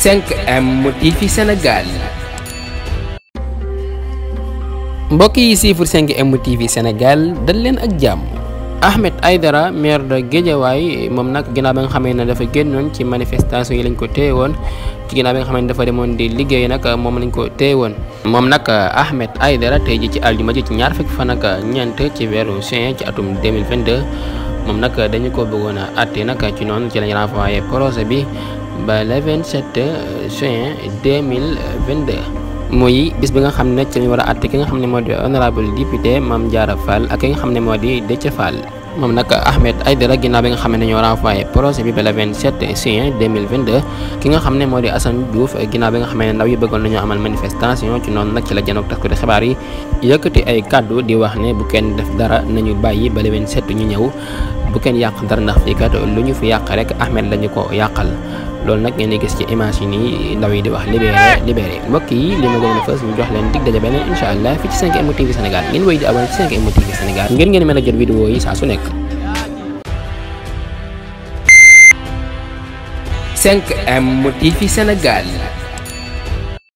5M TV Sénégal yi siifur 5M TV Sénégal dal leen ak jàmm Ahmed Aidara maire de Guédiawaye moom nag ginnaaw ba nga xamee ne dafa génnoon ci manifestation yi lañ ko téye woon ci ginnaaw bi nga xam ne dafa demoon di liggéey nag moom lañ ko téye woon moom nag Ahmed Aidara tey ji ci àljuma ji ci ñaar fekk fan ak ñeent ci weeru juin ci atum 2022 moom nag dañu ko bëggoon a àtte nag ci noonu ci lañ renvoyé projet bi ba le 27 juin 2022 muy bis bi nga xam ne ci lañ war a àtte ki nga xam ne moo di honorable député Mame Diarra Fall ak ki nga xam ne moo di Déthié Fall moom nag Ahmed Aidara ginnaaw bi nga xam ne dañoo renvoyé projet bi ba le 27 juin 2022 ki nga xam ne moo di Assane Diouf ginnaaw bi nga xam ne ndaw yi bëggoon nañoo amal manifestation ci noonu nag ci la janoog taskati xibaar yi yëkkati ay kàddu di wax ne bu kenn def dara nañu bàyyi ba le 27 ñu ñëw bu kenn yàq dara ndax fii kat lu ñu fi yàq rek Ahmed lañu ko yàqal. loolu nag ngeen di gis ci image yi nii ndaw yi di wax libéré 5M TV Sénégal